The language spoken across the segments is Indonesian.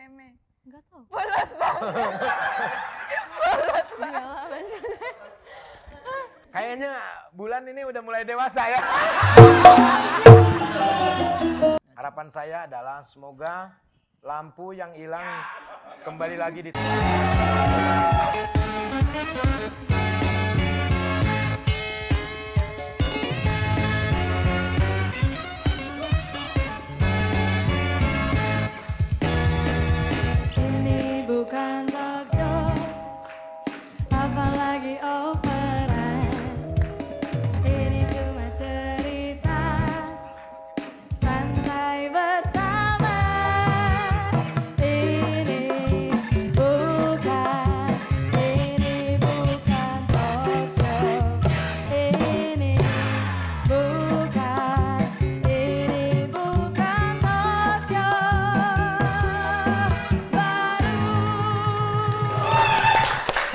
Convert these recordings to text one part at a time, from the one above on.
meme? Enggak tahu. Polos banget. Polos banget. Iya, Kayaknya bulan ini udah mulai dewasa ya. Harapan saya adalah semoga lampu yang hilang kembali lagi di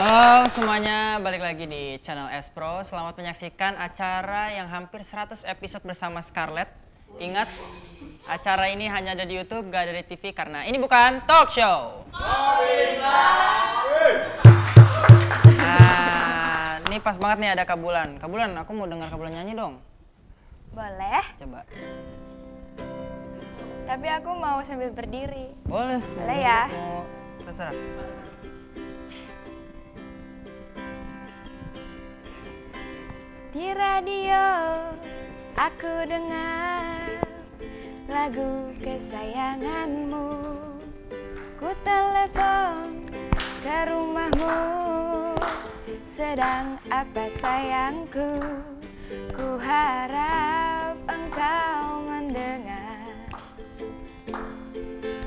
Halo semuanya, balik lagi di channel Espro. Selamat menyaksikan acara yang hampir 100 episode bersama Scarlett. Ingat, acara ini hanya ada di YouTube, gak ada di TV karena ini bukan talk show. Nah, ini pas banget nih ada Kabulan. Kabulan, aku mau dengar Kabulan nyanyi dong. Boleh. Coba. Tapi aku mau sambil berdiri. Boleh. Boleh ya. Mau terserah. Di radio aku dengar lagu kesayanganmu Ku telepon ke rumahmu Sedang apa sayangku Ku harap engkau mendengar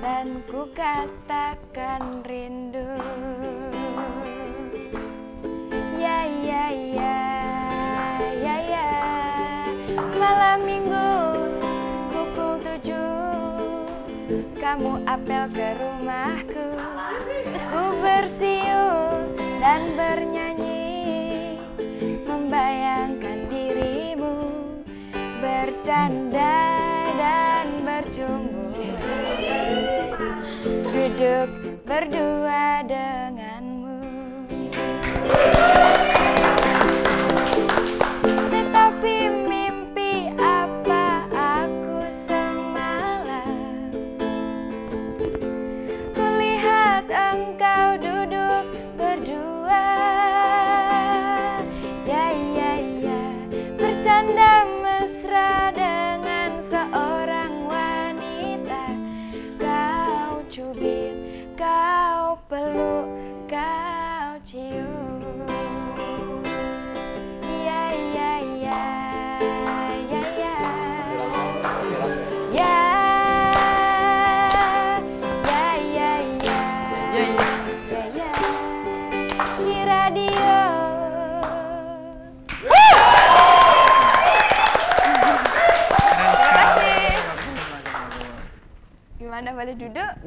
Dan ku katakan rindu ke rumahku Ku bersiul dan bernyanyi Membayangkan dirimu Bercanda dan bercumbu Duduk berdua dengan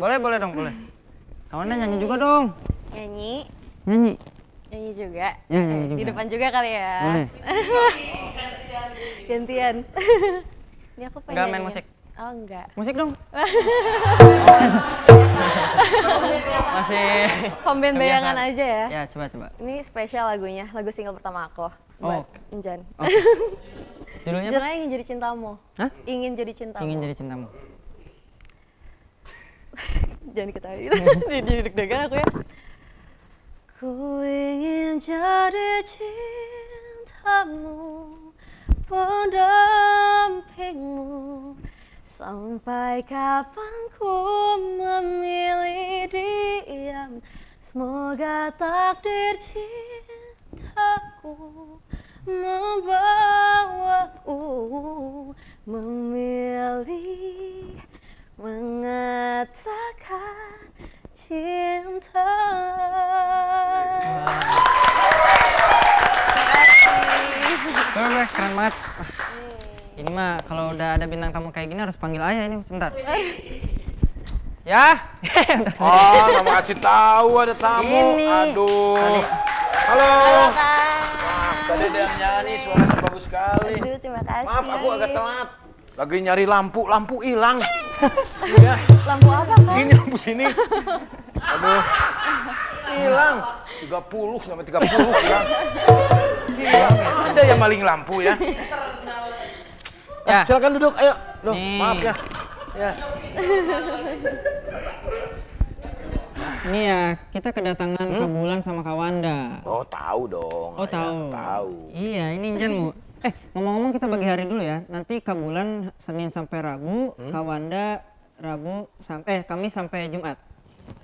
Boleh, boleh dong, boleh. Kawannya nyanyi juga dong. Nyanyi? Nyanyi. Nyanyi juga? Ya, nyanyi juga. Di depan juga kali ya? Boleh. Gantian. Ini aku pengen Enggak main musik? Oh, enggak. Musik dong. Masih. Komben bayangan aja ya. Ya, coba coba. Ini spesial lagunya, lagu single pertama aku. oh. Enjan. Okay. Oh. Judulnya? Judulnya ingin jadi cintamu. Hah? Ingin jadi cintamu. Ingin jadi cintamu. jangan diketahui gitu. di deg-degan aku ya ku ingin jadi cintamu pendampingmu sampai kapan ku memilih diam semoga takdir cintaku membawaku memilih mengatakan cinta. Wow. keren banget. Iya. Ini mah kalau udah ada bintang tamu kayak gini harus panggil ayah ini sebentar. Iya. Ya. oh, nggak mau kasih tahu ada tamu. Ini. Aduh. Halo. Halo, Kak. Maaf, tadi ada yang nyanyi, suaranya bagus sekali. Aduh, terima kasih. Maaf, aku agak telat. Lagi nyari lampu, lampu hilang. Udah. Lampu apa kan? Ini lampu sini. Aduh. Hilang. 30 sampai 30 hilang. Ya. Hilang. Ada yang maling lampu ya. Ya. Ah, silakan duduk. Ayo. Loh, hmm. maaf ya. Ya. Ini ya, kita kedatangan hmm? ke bulan sama Kawanda. Oh, tahu dong. Oh, ayah. tahu. Tahu. Iya, ini Injan Bu. Eh, ngomong-ngomong kita bagi hari hmm. dulu ya. Nanti Kabulan hmm. Senin sampai Rabu, hmm? Kawanda Rabu sampai eh kami sampai Jumat.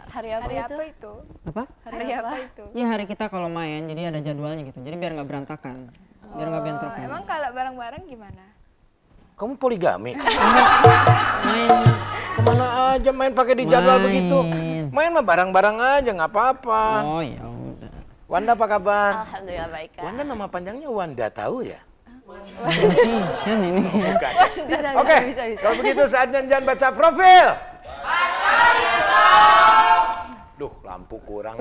Hari apa, hari itu? apa itu? Apa? Hari, hari apa? apa itu? Ya hari kita kalau main, jadi ada jadwalnya gitu. Jadi biar nggak berantakan. biar nggak oh, berantakan. Emang kalau bareng-bareng gimana? Kamu poligami? main kemana aja main pakai di jadwal main. begitu? Main mah barang-barang aja nggak apa-apa. Oh ya Wanda apa kabar? Alhamdulillah baik. Wanda nama panjangnya Wanda tahu ya? Oke, kalau begitu saatnya jangan baca profil. Baca Duh, lampu kurang.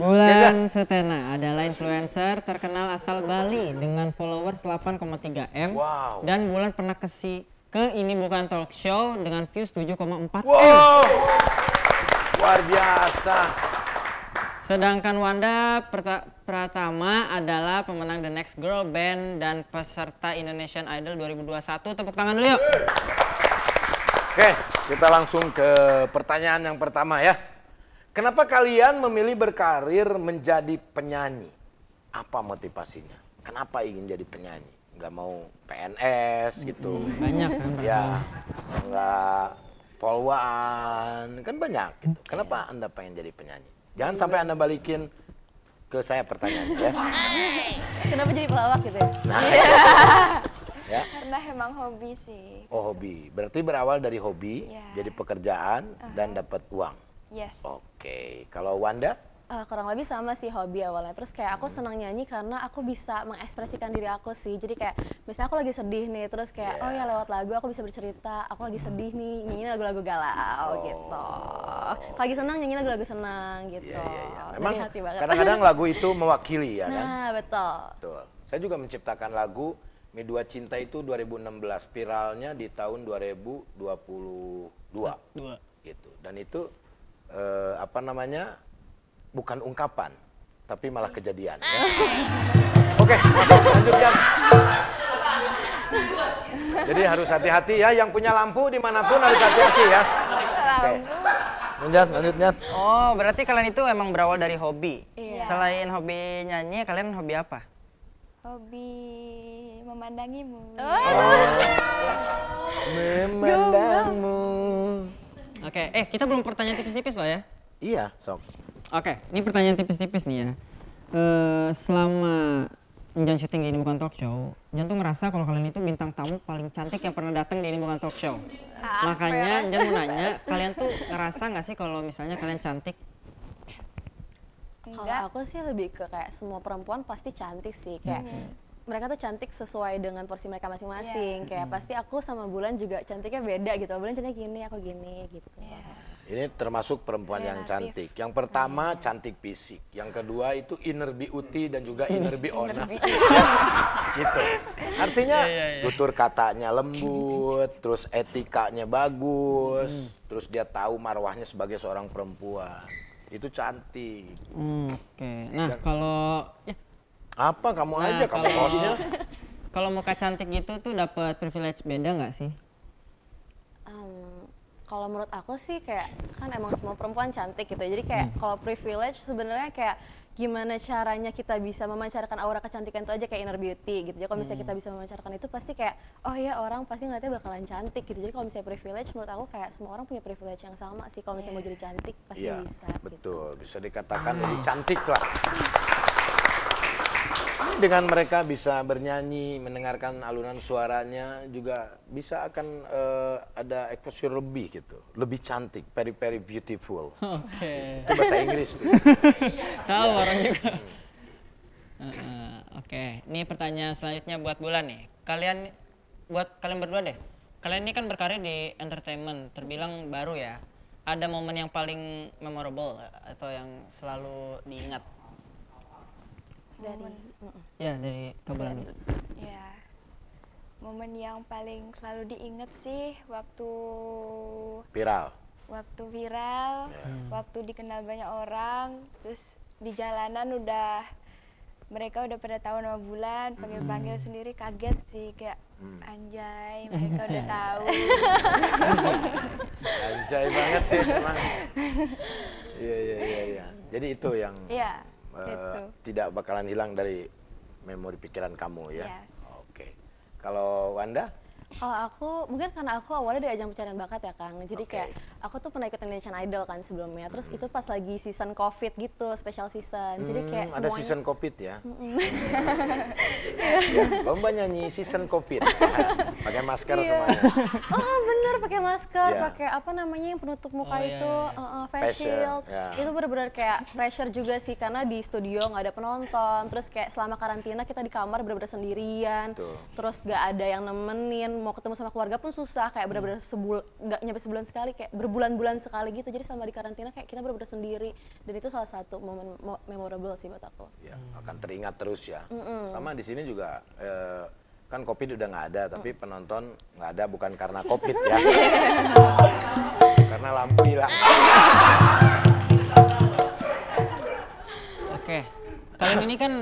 Bulan Sutena adalah influencer terkenal asal Bali dengan followers 8,3 m wow. dan Bulan pernah kesi ke ini bukan talk show dengan views 7,4 wow. m. Luar biasa. Sedangkan Wanda Pratama adalah pemenang The Next Girl Band dan peserta Indonesian Idol 2021. Tepuk tangan dulu yuk. Oke, kita langsung ke pertanyaan yang pertama ya. Kenapa kalian memilih berkarir menjadi penyanyi? Apa motivasinya? Kenapa ingin jadi penyanyi? Nggak mau PNS gitu. Hmm, banyak kan. Ya, enggak poluan kan banyak gitu. Kenapa anda pengen jadi penyanyi? Jangan sampai anda balikin ke saya pertanyaan ya. Eh, kenapa jadi pelawak gitu ya? Nah, ya. Karena emang hobi sih. Oh hobi, berarti berawal dari hobi, yeah. jadi pekerjaan uh -huh. dan dapat uang. Yes. Oke, okay. kalau Wanda? Uh, kurang lebih sama sih hobi awalnya. Terus kayak aku senang nyanyi karena aku bisa mengekspresikan diri aku sih. Jadi kayak misalnya aku lagi sedih nih, terus kayak yeah. oh ya iya. lewat lagu aku bisa bercerita. Aku lagi sedih nih, nyanyi lagu-lagu galau oh. gitu. Kalau lagi senang nyanyi lagu-lagu senang gitu. Yeah, yeah, yeah. Emang kadang-kadang lagu itu mewakili ya kan? Nah, betul. Betul. Saya juga menciptakan lagu Mi Dua Cinta itu 2016, viralnya di tahun 2022. Dua. Gitu. Dan itu uh, apa namanya? bukan ungkapan, tapi malah kejadian. Ya. Oke, lanjutkan. Jadi harus hati-hati ya, yang punya lampu dimanapun harus hati-hati ya. Oke. Lanjut, lanjutnya. Oh, berarti kalian itu emang berawal dari hobi. Iya. Selain hobi nyanyi, kalian hobi apa? Hobi memandangimu. Oh. oh. Memandangmu. Oke, okay. eh kita belum pertanyaan tipis-tipis loh ya? Iya, sok. Oke, okay, ini pertanyaan tipis-tipis nih ya. Uh, selama Jan syuting di ini bukan talk show, Jan tuh ngerasa kalau kalian itu bintang tamu paling cantik yang pernah datang di ini bukan talk show. Ah, Makanya Jan mau nanya, kalian tuh ngerasa nggak sih kalau misalnya kalian cantik? Kalau aku sih lebih ke kayak semua perempuan pasti cantik sih kayak. Mm -hmm mereka tuh cantik sesuai dengan porsi mereka masing-masing. Yeah. Kayak hmm. pasti aku sama Bulan juga cantiknya beda gitu. Bulan cantiknya gini, aku gini gitu. Yeah. Ini termasuk perempuan Relatif. yang cantik. Yang pertama hmm. cantik fisik, yang kedua itu inner beauty dan juga inner beona. Ya, gitu. Artinya yeah, yeah, yeah. tutur katanya lembut, terus etikanya bagus, hmm. terus dia tahu marwahnya sebagai seorang perempuan. Itu cantik. Hmm, Oke. Okay. Nah, dan, kalau ya. apa kamu nah, aja kamu kalau, Kalau muka cantik gitu tuh dapat privilege beda nggak sih? kalau menurut aku sih kayak kan emang semua perempuan cantik gitu ya. jadi kayak hmm. kalau privilege sebenarnya kayak gimana caranya kita bisa memancarkan aura kecantikan itu aja kayak inner beauty gitu jadi kalau misalnya kita hmm. bisa memancarkan itu pasti kayak oh ya orang pasti ngeliatnya bakalan cantik gitu jadi kalau misalnya privilege menurut aku kayak semua orang punya privilege yang sama sih kalau misalnya mau iya. jadi cantik pasti yeah, bisa gitu. betul gitu. bisa dikatakan lebih jadi cantik lah dengan mereka bisa bernyanyi, mendengarkan alunan suaranya juga bisa akan uh, ada exposure lebih gitu, lebih cantik, very very beautiful. Oke. Okay. bahasa Inggris. Tahu iya. orang juga. Hmm. Oke, ini pertanyaan selanjutnya buat Bulan nih. Kalian buat kalian berdua deh. Kalian ini kan berkarir di entertainment, terbilang baru ya. Ada momen yang paling memorable atau yang selalu diingat dari momen. ya dari kabar dulu ya momen yang paling selalu diingat sih waktu viral waktu viral yeah. Hmm. waktu dikenal banyak orang terus di jalanan udah mereka udah pada tahu nama bulan panggil-panggil mm. sendiri kaget sih kayak mm. anjay mereka udah tahu anjay banget sih memang. Iya, iya iya iya jadi itu yang yeah. Gitu. Eh, tidak bakalan hilang dari memori pikiran kamu ya. Yes. Oke. Okay. Kalau Wanda? Kalau aku mungkin karena aku awalnya dari ajang pencarian bakat ya Kang. Jadi okay. kayak aku tuh pernah ikut Indonesian Idol kan sebelumnya. Terus mm-hmm. itu pas lagi season COVID gitu, special season. Jadi kayak hmm, semuanya... Ada season COVID ya? Mm-hmm. nyanyi season COVID. pakai masker yeah. semuanya. Oh bener, pakai masker, yeah. pakai apa namanya yang penutup muka oh, iya, itu, yeah, iya. uh, yeah. Uh, face shield. Yeah. Itu benar-benar kayak pressure juga sih, karena di studio nggak ada penonton. Terus kayak selama karantina kita di kamar benar-benar sendirian. Tuh. Terus nggak ada yang nemenin, mau ketemu sama keluarga pun susah. Kayak benar-benar hmm. sebul nggak nyampe sebulan sekali, kayak berbulan berbulan-bulan sekali gitu jadi selama di karantina kayak kita berbeda sendiri dan itu salah satu momen memorable sih buat aku ya akan teringat terus ya mm -mm. sama di sini juga eh, kan covid udah nggak ada tapi mm. penonton nggak ada bukan karena covid ya karena lampu lah oke okay. kalian ini kan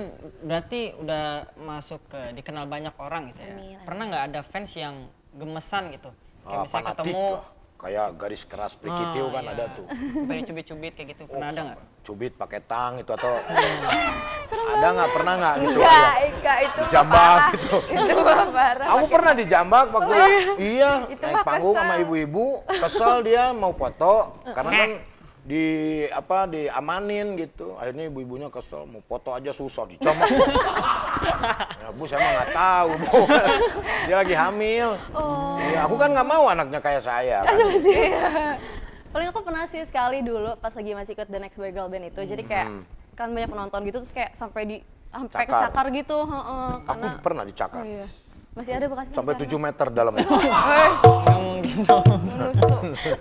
berarti udah masuk ke dikenal banyak orang gitu ya pernah nggak ada fans yang gemesan gitu kayak oh, misalnya ketemu kayak garis keras prikitiu oh, kan iya. ada tuh. Pernah cubit-cubit kayak gitu, pernah oh, ada nggak? Cubit pakai tang itu atau ada nggak pernah nggak gitu? Enggak, enggak iya. itu. jambak gitu. Itu parah. Aku pernah dijambak waktu oh, iya, iya naik panggung sama ibu-ibu, kesel dia mau foto karena eh. kan di apa di amanin gitu akhirnya ibu-ibunya kesel mau foto aja susah dicomot ya bu saya mah nggak tahu bu dia lagi hamil oh. ya, aku kan nggak mau anaknya kayak saya kan? sih paling aku pernah sih sekali dulu pas lagi masih ikut The Next Boy Girl Band itu jadi kayak hmm. kan banyak penonton gitu terus kayak sampai di sampai cakar. cakar gitu he -he, karena... pernah dicakar oh, iya. Masih ada bekasnya. Sampai 7 meter dalamnya. Wes, enggak mungkin dong. Menusuk. Gitu.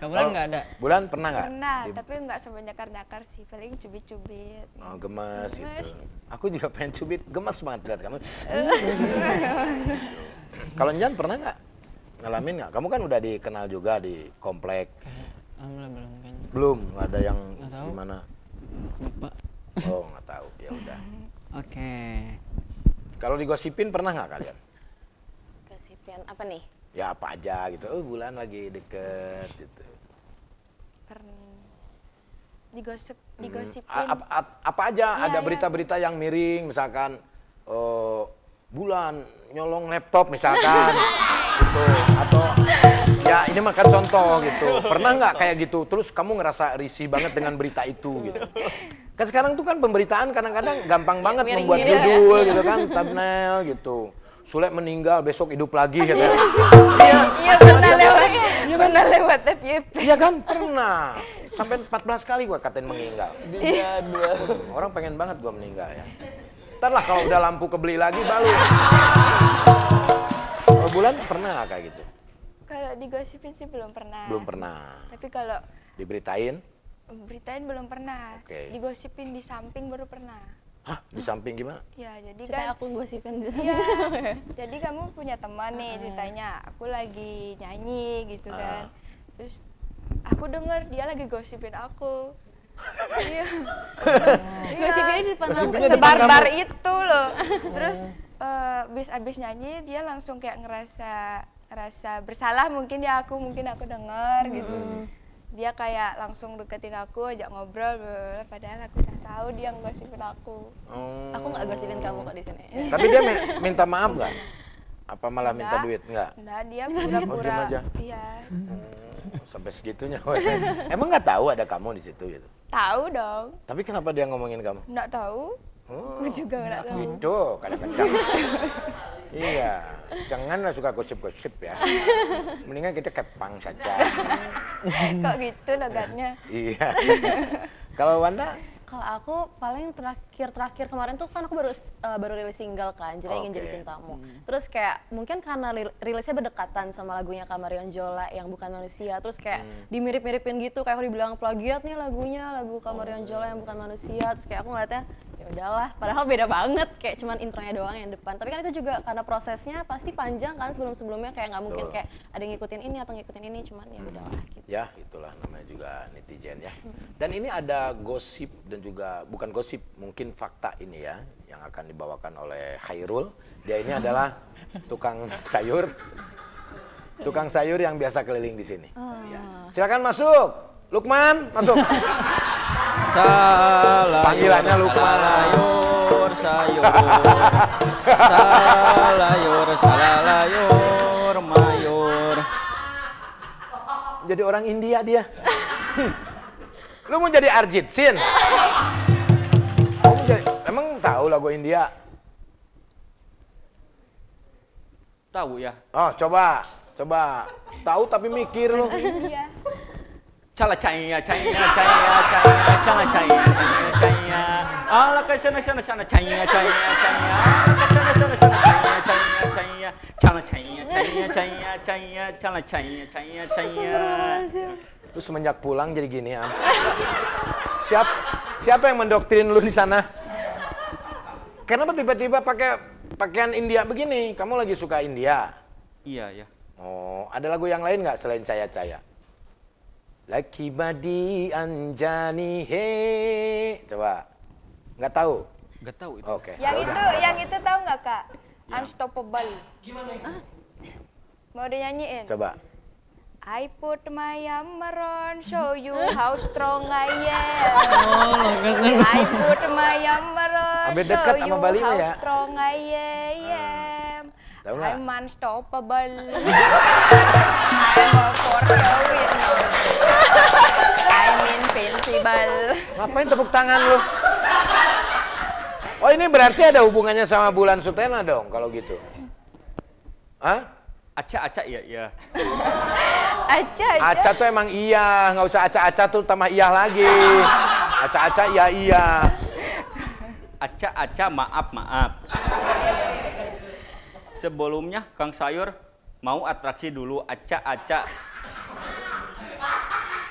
Gamelan nggak ada. Bulan pernah nggak? Pernah, Di... tapi nggak sebanyak nakar sih. Paling cubit-cubit. Oh, gemes, gitu. gemes gitu. gitu. Aku juga pengen cubit. Gemes banget lihat kamu. Kalau Njan pernah nggak? Ngalamin nggak? Kamu kan udah dikenal juga di komplek. Eh, belum, belum kayaknya. Belum, nggak ada yang gak gimana? Lupa. Oh, nggak tahu. Ya udah. Oke. Okay. Kalau digosipin pernah nggak kalian? Gosipin apa nih? Ya apa aja gitu. Oh, bulan lagi deket gitu pernah digosip hmm. digosipin hmm, apa, apa aja iya, ada iya. berita-berita iya. yang miring misalkan uh, bulan nyolong laptop misalkan gitu atau ya ini makan contoh gitu pernah nggak kayak gitu terus kamu ngerasa risih banget dengan berita itu gitu kan sekarang tuh kan pemberitaan kadang-kadang gampang banget ya, membuat judul ya. gitu kan thumbnail gitu Sule meninggal besok hidup lagi gitu. Iya, iya, pernah lewat. Iya kan? pernah lewat FYP. Iya kan? Pernah. Sampai 14 kali gue katain meninggal. Iya, Orang pengen banget gue meninggal ya. Entar lah kalau udah lampu kebeli lagi baru. Kalau bulan pernah kayak gitu? Kalau digosipin sih belum pernah. Belum pernah. Tapi kalau diberitain? Beritain belum pernah. Okay. Digosipin di samping baru pernah. Hah, di samping gimana? Ya, jadi kan aku gosipin dia. Ya, jadi kamu punya teman nih ceritanya, aku lagi nyanyi gitu ah. kan. Terus aku denger dia lagi gosipin aku. iya. Gosipinnya di depan aku bar itu loh. Terus eh, abis abis nyanyi dia langsung kayak ngerasa ngerasa bersalah mungkin ya aku mungkin aku denger gitu. Hmm dia kayak langsung deketin aku ajak ngobrol blablabla. padahal aku udah tahu dia ngosipin aku oh. aku nggak gosipin kamu kok di sini oh. tapi dia minta maaf nggak apa malah enggak, minta duit nggak Nggak. dia oh, pura-pura oh, aja. iya hmm, sampai segitunya emang nggak tahu ada kamu di situ gitu tahu dong tapi kenapa dia ngomongin kamu nggak tahu Oh, juga iya. nggak tahu. Itu kadang-kadang. iya, janganlah suka gosip-gosip ya. Mendingan kita kepang saja. Kok gitu logatnya? iya. Kalau Wanda kalau aku paling terakhir terakhir kemarin tuh kan aku baru uh, baru rilis single kan, jadi okay. ingin jadi cintamu. Hmm. Terus kayak mungkin karena rilisnya berdekatan sama lagunya Kamarion Jola yang bukan manusia, terus kayak hmm. dimirip-miripin gitu, kayak aku dibilang plagiat nih lagunya, lagu Kamarion Jola yang bukan manusia, terus kayak aku ngeliatnya ya udahlah, padahal beda banget, kayak cuman intronya doang yang depan. Tapi kan itu juga karena prosesnya pasti panjang kan sebelum-sebelumnya kayak nggak mungkin kayak ada yang ngikutin ini atau ngikutin ini, cuman ya hmm. udahlah. Gitu. Ya itulah namanya juga netizen ya. Dan ini ada gosip dan juga bukan gosip, mungkin fakta ini ya yang akan dibawakan oleh Hairul. Dia ini adalah tukang sayur, tukang sayur yang biasa keliling di sini. Oh. Ya. Silakan masuk, Lukman, masuk. Salah. Panggilannya Lukman. Sayur, sayur, salayur sayur, mayur. Jadi orang India dia. Lu mau jadi Arjit Sin? lagu India? Tahu ya. Oh, coba. Coba. Tahu tapi mikir lu. India. Cala caya, caya, caya, caya, cala caya, caya, caya. Ala ke sana sana sana caya, caya, caya. Ke sana sana sana caya, caya, caya. Cala caya, caya, caya, caya, cala caya, caya, caya. Lu semenjak pulang jadi gini ya. Siap, siapa yang mendoktrin lu di sana? Kenapa tiba-tiba pakai pakaian India begini? Kamu lagi suka India? Iya, ya. Oh, ada lagu yang lain nggak selain Caya Caya? Laki badi anjani he. Coba. Nggak tahu? Nggak tahu itu. Oke. Okay. Yang Halo, itu, yang itu tahu nggak kak? Ya. Unstoppable. Gimana ini? Mau dinyanyiin? Coba. I put my armor on, show you how strong I am. Oh, I put my armor on, show you how ya. strong I am. uh, I'm unstoppable. I'm a for the win. I'm invincible. Ngapain tepuk tangan lu? Oh ini berarti ada hubungannya sama bulan Sutena dong kalau gitu. Hah? acak-acak ya, ya. acak-acak. aca tuh emang iya, nggak usah acak-acak tuh tambah iya lagi. Acak-acak ya iya. Acak-acak maaf maaf. Sebelumnya Kang Sayur mau atraksi dulu acak-acak.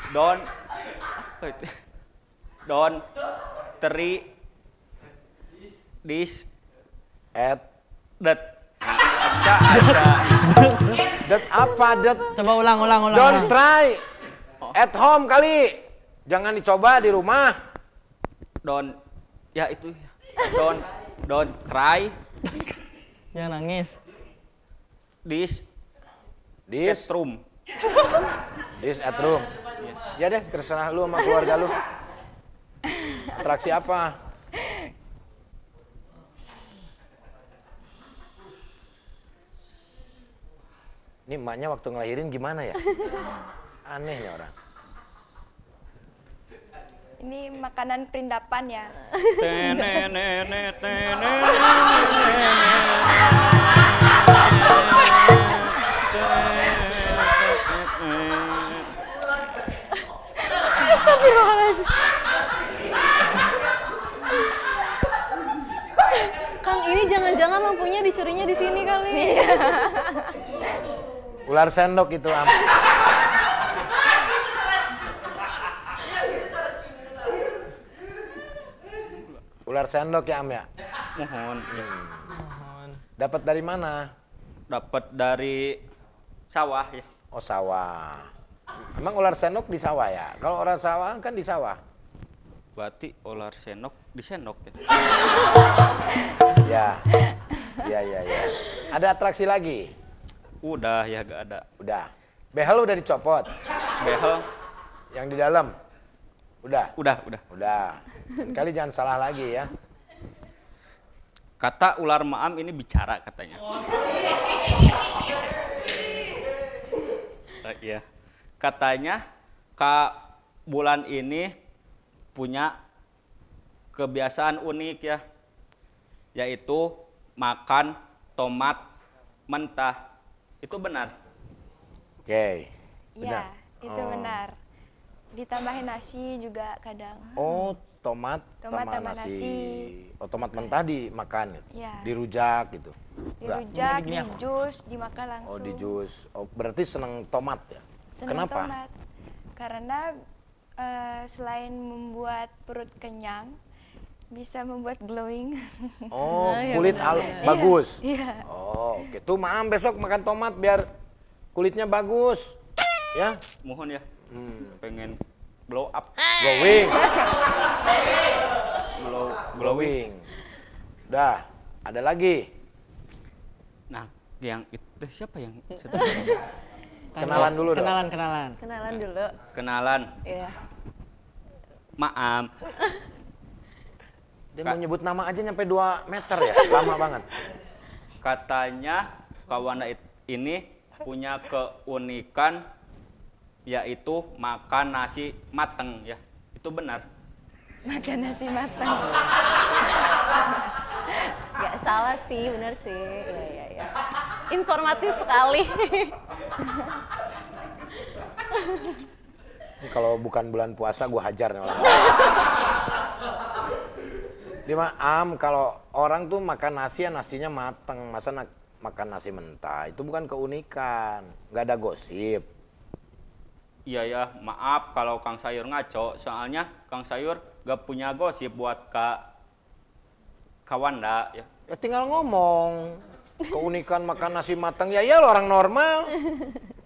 Don, Don, Teri, Dis, Ed, Det ada, ada. apa, dat? Coba ulang, ulang, ulang. Don't try. At home kali. Jangan dicoba di rumah. don Ya itu. don don cry. Jangan nangis. This. This. At room. This at room. Ya deh, terserah lu sama keluarga lu. Atraksi apa? ini emaknya waktu ngelahirin gimana ya? Aneh ya orang. Ini makanan perindapan ya. Kang ini jangan-jangan lampunya dicurinya di sini kali. Iya. ular sendok itu am iya, gitu, ular sendok ya am ya mohon mohon dapat dari mana dapat dari sawah ya oh sawah emang ular sendok di sawah ya kalau orang sawah kan di sawah berarti ular sendok di sendok ya ya ya ya, ya. ada atraksi lagi Udah ya gak ada. Udah. Behel udah dicopot. Behel. Yang di dalam. Udah. Udah, udah. Udah. Kali jangan salah lagi ya. Kata ular maam ini bicara katanya. Oh, uh, iya. Katanya Kak bulan ini punya kebiasaan unik ya. Yaitu makan tomat mentah itu benar. Oke. Okay. Iya, itu oh. benar. Ditambahin nasi juga kadang. Oh, tomat, tomat tambah nasi. nasi. Oh, tomat okay. Iya. mentah dimakan gitu. Ya. Dirujak gitu. Dirujak, di jus, dimakan oh, langsung. Oh, di jus. Oh, berarti seneng tomat ya? Seneng Kenapa? tomat. Karena uh, selain membuat perut kenyang, bisa membuat glowing. Oh, oh iya, kulit ya, al- ya. bagus. Iya. Oh, oke. maaf maam besok makan tomat biar kulitnya bagus. Ya, mohon ya. Hmm. Pengen blow up. Glowing. glow, glowing. Udah, ada lagi. Nah, yang itu eh, siapa yang Kenalan dulu dong. Kenalan, kenalan. Kenalan dulu. Kenalan. Iya. Maaf. Dia Ka mau nyebut nama aja nyampe 2 meter ya, lama banget. Katanya kawana ini punya keunikan yaitu makan nasi mateng ya. Itu benar. Makan nasi mateng. Gak salah sih, benar sih. Ya ya ya. Informatif sekali. kalau bukan bulan puasa gue hajar nih Lima am kalau orang tuh makan nasi ya nasinya mateng, masa nak makan nasi mentah itu bukan keunikan, nggak ada gosip. Iya ya, maaf kalau Kang Sayur ngaco, soalnya Kang Sayur gak punya gosip buat Kak kawan dak ya. Ya tinggal ngomong keunikan makan nasi matang ya ya lo orang normal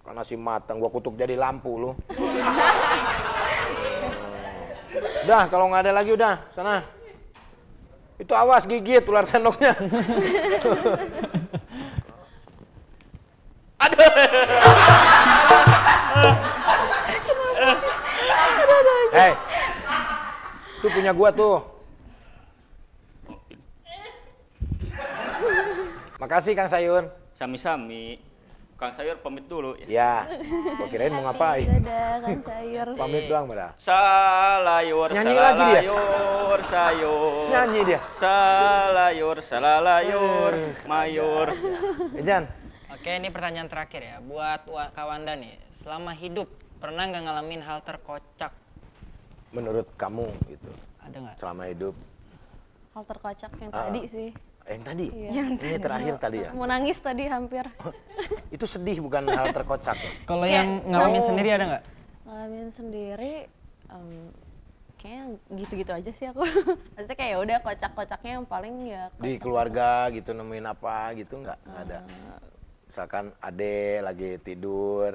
makan nasi matang gua kutuk jadi lampu lo udah kalau nggak ada lagi udah sana itu awas gigit ular sendoknya. Aduh. Hei. Itu punya gua tuh. Makasih Kang Sayun. Sami-sami. Kang Sayur pamit dulu ya. Ya. Gua kirain mau ngapain. Dadah Kang Sayur. pamit doang pada. Salayur salayur sayur. Nyanyi dia. Salayur salayur, eh, mayur. Ya. Ejan. Eh, Oke, ini pertanyaan terakhir ya buat Kawanda nih. Selama hidup pernah nggak ngalamin hal terkocak? Menurut kamu gitu. Ada nggak? Selama hidup hal terkocak yang uh, tadi sih. Eh, yang tadi? Iya. Yang ini terakhir tadi ya? Mau nangis tadi hampir. Oh, itu sedih bukan hal terkocak. Ya? Kalau yang ngalamin oh. sendiri ada nggak? Ngalamin sendiri, um, kayak gitu-gitu aja sih aku. Maksudnya kayak ya udah kocak-kocaknya yang paling ya. Kocak Di keluarga gitu nemuin apa gitu nggak? Uh. ada. Eh. Misalkan ade lagi tidur,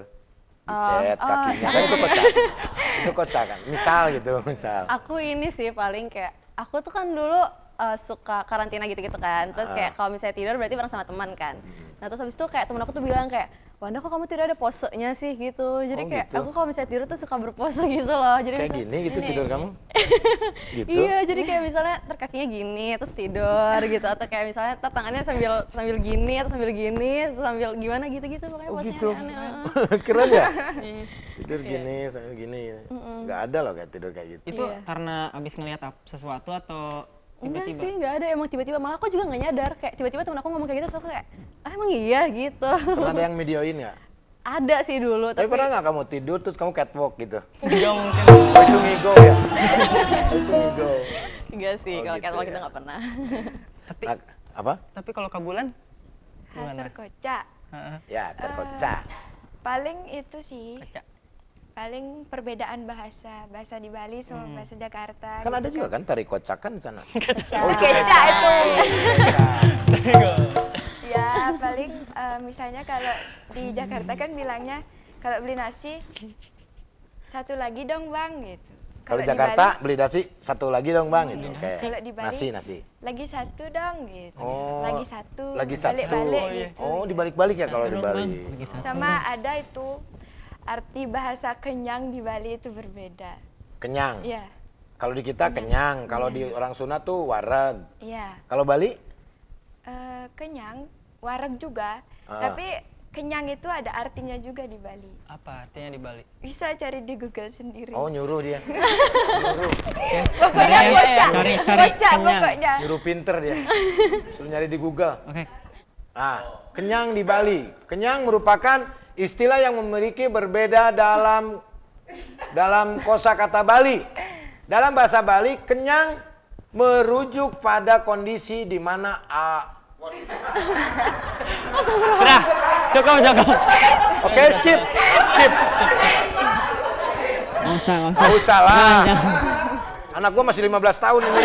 dicet oh, uh, oh. uh, kakinya kan itu kocak. itu kocak kan. Misal gitu, misal. Aku ini sih paling kayak aku tuh kan dulu uh, suka karantina gitu-gitu kan. Terus kayak ah. kalau misalnya tidur berarti bareng sama teman kan. Hmm. Nah terus habis itu kayak temen aku tuh bilang kayak, Wanda kok kamu tidak ada posenya sih gitu. Jadi oh, kayak gitu. aku kalau misalnya tidur tuh suka berpose gitu loh. Jadi kayak misalnya, gini gitu gini. tidur kamu? gitu. Iya, jadi kayak misalnya terkakinya gini terus tidur gitu atau kayak misalnya tangannya sambil sambil gini atau sambil gini atau sambil gimana gitu-gitu pokoknya oh, gitu. aneh. Keren ya? Iya. tidur iya. gini sambil gini. nggak Mm -mm. ada loh kayak tidur kayak gitu. Itu yeah. karena abis ngelihat sesuatu atau Enggak tiba enggak sih, enggak ada. Emang tiba-tiba. Malah aku juga nggak nyadar. Kayak tiba-tiba temen aku ngomong kayak gitu, terus kayak, ah emang iya gitu. Pernah ada yang videoin nggak? Ada sih dulu. Tapi, tapi pernah nggak kamu tidur terus kamu catwalk gitu? Enggak mungkin. Oh, itu ngigo ya? itu ngigo. Enggak sih, oh, kalau gitu catwalk ya. kita nggak pernah. tapi, nah, apa? Tapi kalau kabulan, gimana? Terkocak. Ya, terkocak. Eh, uh, paling itu sih. Kocak paling perbedaan bahasa bahasa di Bali sama hmm. bahasa Jakarta kan gitu ada juga kan, kan tari kan di sana kocak oh, kecak itu ya paling uh, misalnya kalau di Jakarta kan bilangnya kalau beli nasi satu lagi dong bang gitu kalau Jakarta Bali, beli nasi satu lagi dong bang gitu. Iya. Kayak kalau di Bali nasi nasi. Lagi satu dong gitu. Oh, lagi satu. Lagi satu. Balik-balik oh, iya. gitu. Oh, dibalik-balik ya kalau di Bali. Sama ada itu arti bahasa kenyang di Bali itu berbeda. Kenyang. Iya. Kalau di kita kenyang, kenyang. kalau di iya. orang Sunda tuh wareg. Iya. Kalau Bali? E, kenyang, wareg juga. Uh. Tapi kenyang itu ada artinya juga di Bali. Apa artinya di Bali? Bisa cari di Google sendiri. Oh nyuruh dia. nyuruh. Okay. Pokoknya bocah, bocah pokoknya. Nyuruh pinter dia. Suruh nyari di Google. Oke. Okay. Ah, kenyang di Bali. Kenyang merupakan istilah yang memiliki berbeda dalam dalam kosakata Bali. Dalam bahasa Bali, kenyang merujuk pada kondisi di mana a Sudah, cukup cukup. Oke, okay, skip. Skip. Enggak usah, enggak usah. usah lah. Anak gua masih 15 tahun ini.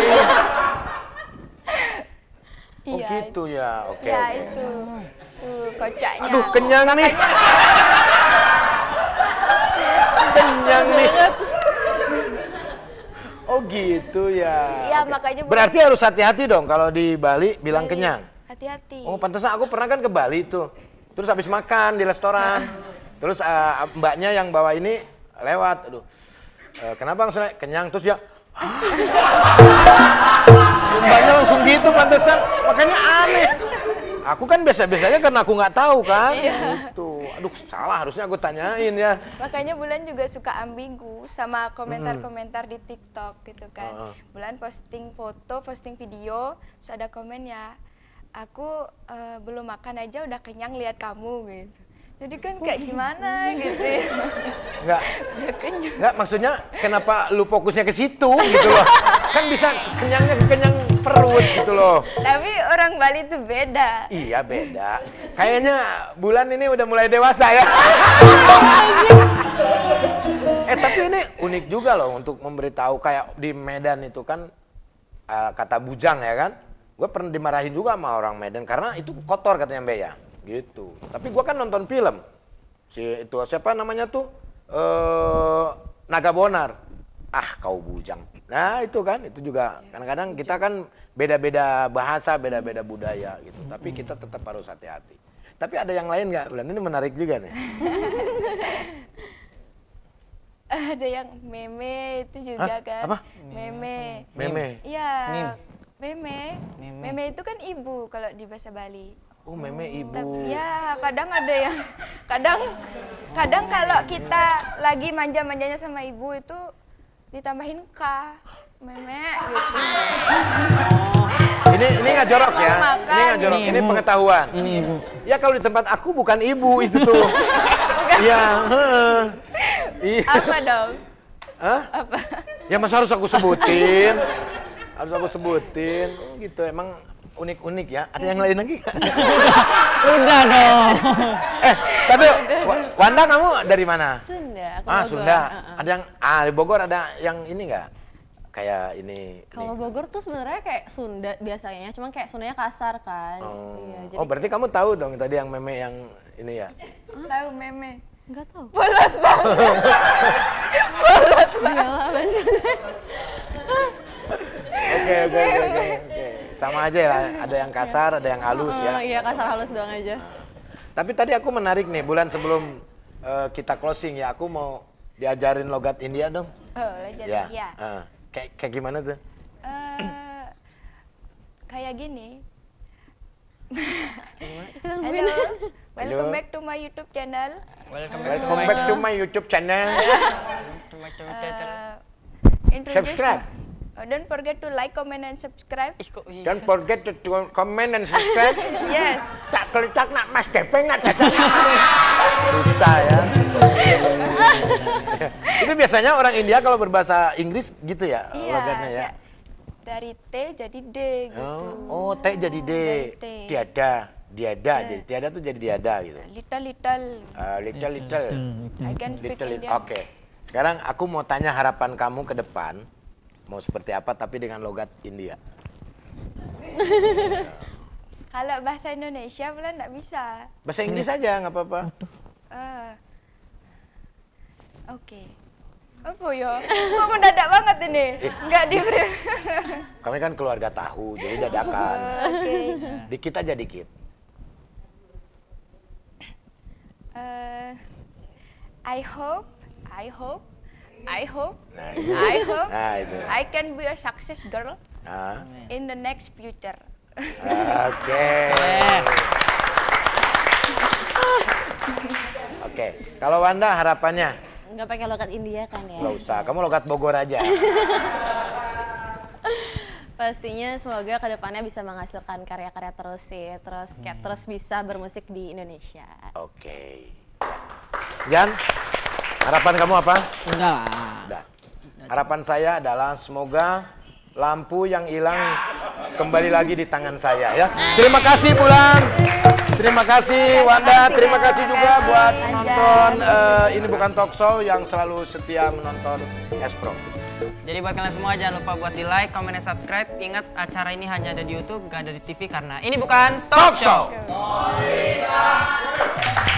Oh ya, gitu ya, oke. Okay, ya okay. itu, uh, kocaknya. Aduh kenyang nih. kenyang nih. Oh gitu ya. Iya okay. makanya. Berarti harus hati-hati dong kalau di Bali bilang Bali. kenyang. Hati-hati. Oh pantesan aku pernah kan ke Bali tuh. Terus habis makan di restoran. terus uh, mbaknya yang bawa ini lewat. Aduh. Uh, kenapa langsung kenyang terus ya? Sumpahnya langsung gitu pantesan. Makanya aneh. Aku kan biasa-biasanya karena aku nggak tahu kan. Iya. Gitu. Aduh, salah harusnya aku tanyain ya. Makanya Bulan juga suka ambigu sama komentar-komentar di TikTok gitu kan. Uh Bulan posting foto, posting video, terus ada komen ya, aku uh, belum makan aja udah kenyang lihat kamu gitu. Jadi kan kayak gimana gitu ya. Enggak. Enggak, maksudnya kenapa lu fokusnya ke situ gitu loh. kan bisa kenyangnya kenyang perut gitu loh. Tapi orang Bali itu beda. Iya beda. Kayaknya bulan ini udah mulai dewasa ya. eh tapi ini unik juga loh untuk memberitahu kayak di Medan itu kan uh, kata bujang ya kan. Gue pernah dimarahin juga sama orang Medan karena itu kotor katanya Mbak ya. Gitu. Tapi gue kan nonton film. Si itu siapa namanya tuh? Eh uh, Naga Bonar. Ah kau bujang Nah itu kan, itu juga iya, kadang-kadang kita kan beda-beda bahasa, beda-beda budaya gitu. Tapi kita tetap harus hati-hati. Tapi ada yang lain nggak? Bulan ini menarik juga nih. ada yang meme itu juga Hah? kan. Apa? Meme. Meme. Iya. Meme. meme. Meme itu kan ibu kalau di bahasa Bali. Oh, meme ibu. Tapi ya, kadang ada yang kadang kadang kalau kita lagi manja-manjanya sama ibu itu ditambahin K memek gitu ini ini nggak jorok ya makan. ini nggak jorok ini, ini pengetahuan ini ibu ya kalau di tempat aku bukan ibu itu tuh iya, iya apa dong Hah? apa ya masa harus aku sebutin harus aku sebutin oh, gitu emang unik-unik ya. Ada yang iya. lain lagi? Udah dong. Eh, tapi Wanda kamu dari mana? Sunda. Aku ah, Sunda. Ada yang ah di Bogor ada yang ini enggak? Kayak ini. Kalau Bogor tuh sebenarnya kayak Sunda biasanya, cuma kayak Sundanya kasar kan. Oh, iya, oh berarti kamu tahu dong tadi yang meme yang ini ya? Tahu meme. Enggak tahu. Polos banget. Polos banget. Iya, sama aja lah ya. ada yang kasar ada yang halus ya iya kasar halus doang aja nah, tapi tadi aku menarik nih bulan sebelum uh, kita closing ya aku mau diajarin logat India dong oh logat ya. India uh, kayak kayak gimana tuh uh, kayak gini Hello, welcome back to my YouTube channel. Welcome, back, to, back my to my YouTube channel. uh, introduce subscribe. Oh, don't forget to like, comment, and subscribe. Don't forget to do comment and subscribe. yes. Tak kelitak nak mas gepeng nak jajan. Susah ya. Itu biasanya orang India kalau berbahasa Inggris gitu ya iya, logatnya ya. Dari T jadi D gitu. Oh, oh T jadi D. T. Tiada diada yeah. jadi tiada tuh jadi diada gitu uh, little little uh, little little I can little, speak little. oke okay. sekarang aku mau tanya harapan kamu ke depan mau seperti apa tapi dengan logat India. Kalau bahasa Indonesia pula enggak bisa. Bahasa Inggris saja nggak apa-apa. Uh, Oke. Okay. Apa ya? Kok mendadak banget ini? Enggak eh. di Kami kan keluarga tahu, jadi dadakan. Okay. Dikit aja dikit. Uh, I hope, I hope I hope, I hope, nah, I can be a success girl nah. in the next future. Oke. Oke, kalau Wanda harapannya? Enggak pakai logat India kan ya? Enggak usah, kamu logat Bogor aja. Pastinya semoga kedepannya bisa menghasilkan karya-karya terus sih, terus kayak hmm. terus bisa bermusik di Indonesia. Oke. Okay. Jan? Harapan kamu apa? Enggak Harapan saya adalah semoga lampu yang hilang kembali lagi di tangan saya ya. Terima kasih Bulan. Terima kasih Wanda, terima kasih juga buat nonton uh, ini bukan talk show yang selalu setia menonton Espro. Jadi buat kalian semua jangan lupa buat di like, comment, dan subscribe. Ingat acara ini hanya ada di YouTube, gak ada di TV karena ini bukan talk show. show.